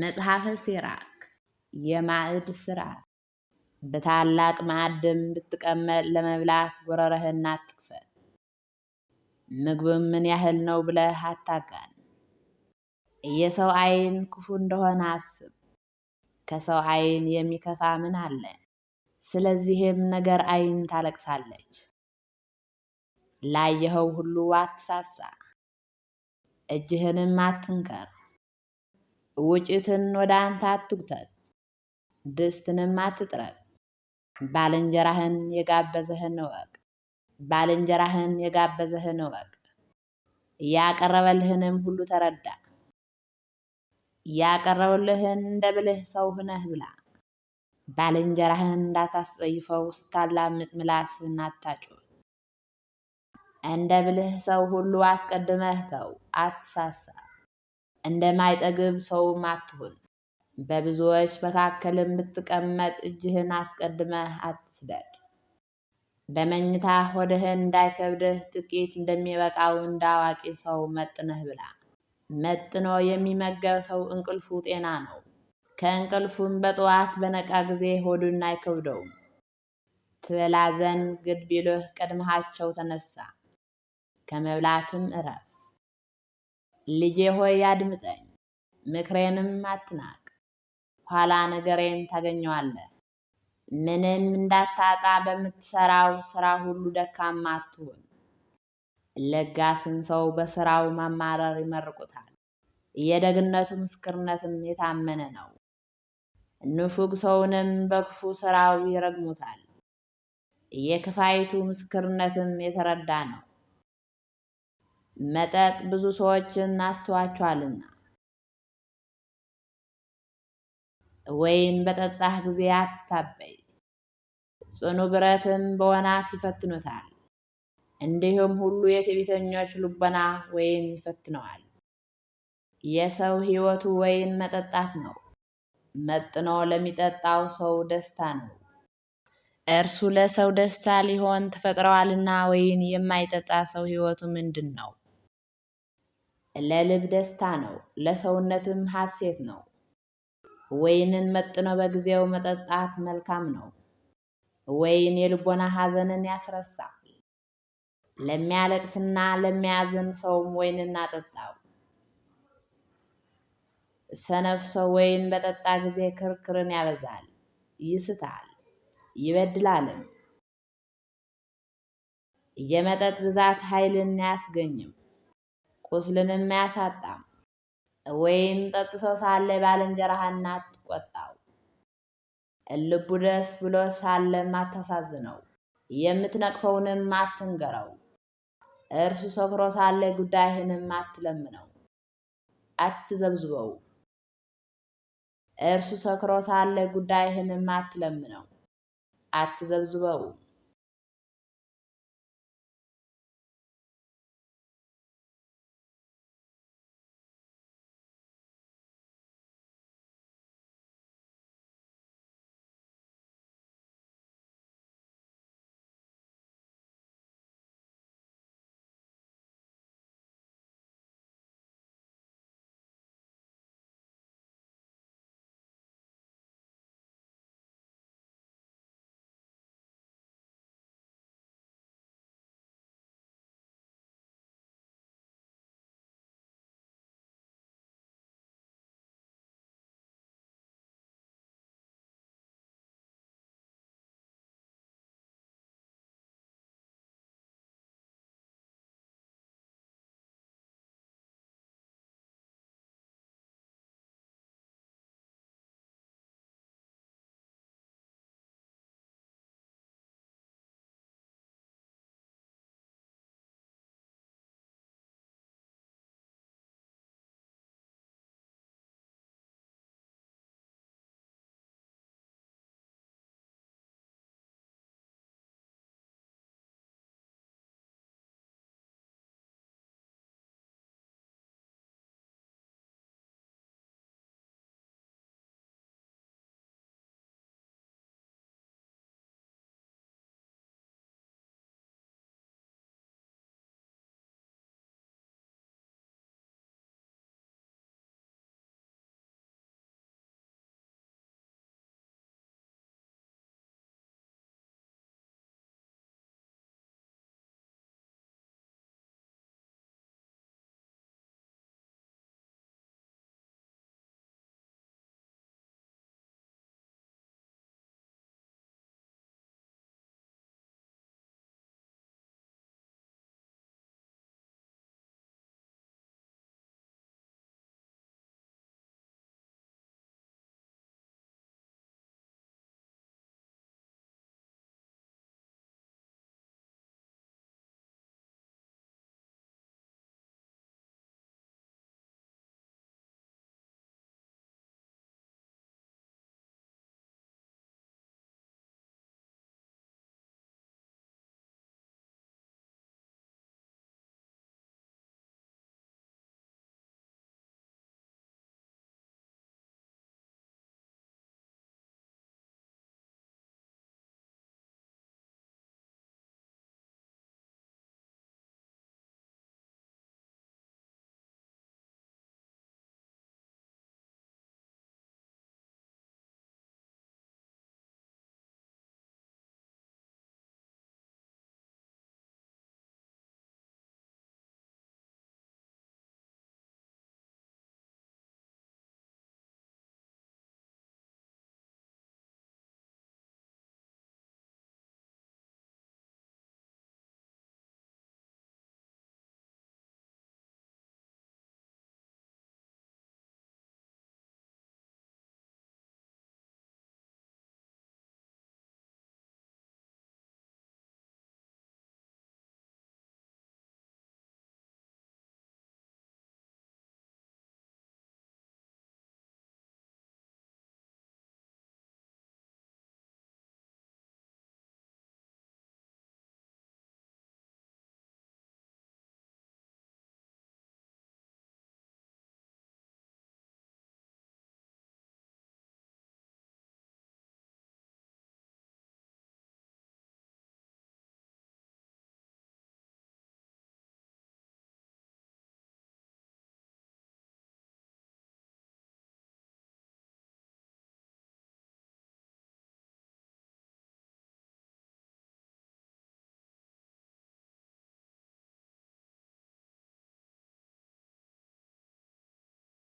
መጽሐፈ ሲራክ የማዕድ ስራ በታላቅ ማዕድም ብትቀመጥ ለመብላት ጎረረህን አትክፈት። ምግብም ምን ያህል ነው ብለህ አታጋን። የሰው ዓይን ክፉ እንደሆነ አስብ። ከሰው ዓይን የሚከፋ ምን አለ? ስለዚህም ነገር ዓይን ታለቅሳለች። ላየኸው ሁሉ አትሳሳ፣ እጅህንም አትንከር። ውጭትን ወደ አንተ አትጉተት፣ ድስትንም አትጥረቅ። ባልንጀራህን የጋበዘህን እወቅ ባልንጀራህን የጋበዘህን እወቅ። ያቀረበልህንም ሁሉ ተረዳ። ያቀረበልህን እንደ ብልህ ሰው ሆነህ ብላ። ባልንጀራህን እንዳታስጸይፈው ስታላምጥ ምላስህን አታጩ። እንደ ብልህ ሰው ሁሉ አስቀድመህ ተው፣ አትሳሳ። እንደማይጠግብ ሰውም አትሁን። በብዙዎች መካከል የምትቀመጥ እጅህን አስቀድመህ አትስደድ። በመኝታ ሆድህን እንዳይከብድህ ጥቂት እንደሚበቃው እንደ አዋቂ ሰው መጥነህ ብላ። መጥኖ የሚመገብ ሰው እንቅልፉ ጤና ነው። ከእንቅልፉም በጠዋት በነቃ ጊዜ ሆዱን አይከብደውም። ትበላ ዘንድ ግድ ቢልህ ቀድመሃቸው ተነሳ፣ ከመብላትም እረፍ። ልጄ ሆይ አድምጠኝ፣ ምክሬንም አትናቅ፣ ኋላ ነገሬን ታገኘዋለህ። ምንም እንዳታጣ በምትሰራው ስራ ሁሉ ደካማ አትሁን። ለጋስን ሰው በስራው ማማረር ይመርቁታል፣ የደግነቱ ምስክርነትም የታመነ ነው። ንፉግ ሰውንም በክፉ ስራው ይረግሙታል፣ የክፋይቱ ምስክርነትም የተረዳ ነው። መጠጥ ብዙ ሰዎችን አስተዋቸዋልና ወይን በጠጣህ ጊዜ አትታበይ፣ ጽኑ ብረትም በወናፍ ይፈትኑታል። እንዲሁም ሁሉ የትዕቢተኞች ልቦና ወይን ይፈትነዋል። የሰው ሕይወቱ ወይን መጠጣት ነው፣ መጥኖ ለሚጠጣው ሰው ደስታ ነው። እርሱ ለሰው ደስታ ሊሆን ተፈጥረዋልና። ወይን የማይጠጣ ሰው ሕይወቱ ምንድን ነው? ለልብ ደስታ ነው፣ ለሰውነትም ሐሴት ነው። ወይንን መጥኖ በጊዜው መጠጣት መልካም ነው። ወይን የልቦና ሐዘንን ያስረሳል። ለሚያለቅስና ለሚያዝን ሰውም ወይንን አጠጣው። ሰነፍ ሰው ወይን በጠጣ ጊዜ ክርክርን ያበዛል፣ ይስታል፣ ይበድላልም። የመጠጥ ብዛት ኃይልን አያስገኝም። ቁስልንም አያሳጣም። ወይን ጠጥቶ ሳለ ባልንጀራህን አትቆጣው፣ ልቡ ደስ ብሎ ሳለም አታሳዝነው፣ የምትነቅፈውንም አትንገረው። እርሱ ሰክሮ ሳለ ጉዳይህንም አትለምነው፣ አትዘብዝበው። እርሱ ሰክሮ ሳለ ጉዳይህንም አትለምነው፣ አትዘብዝበው።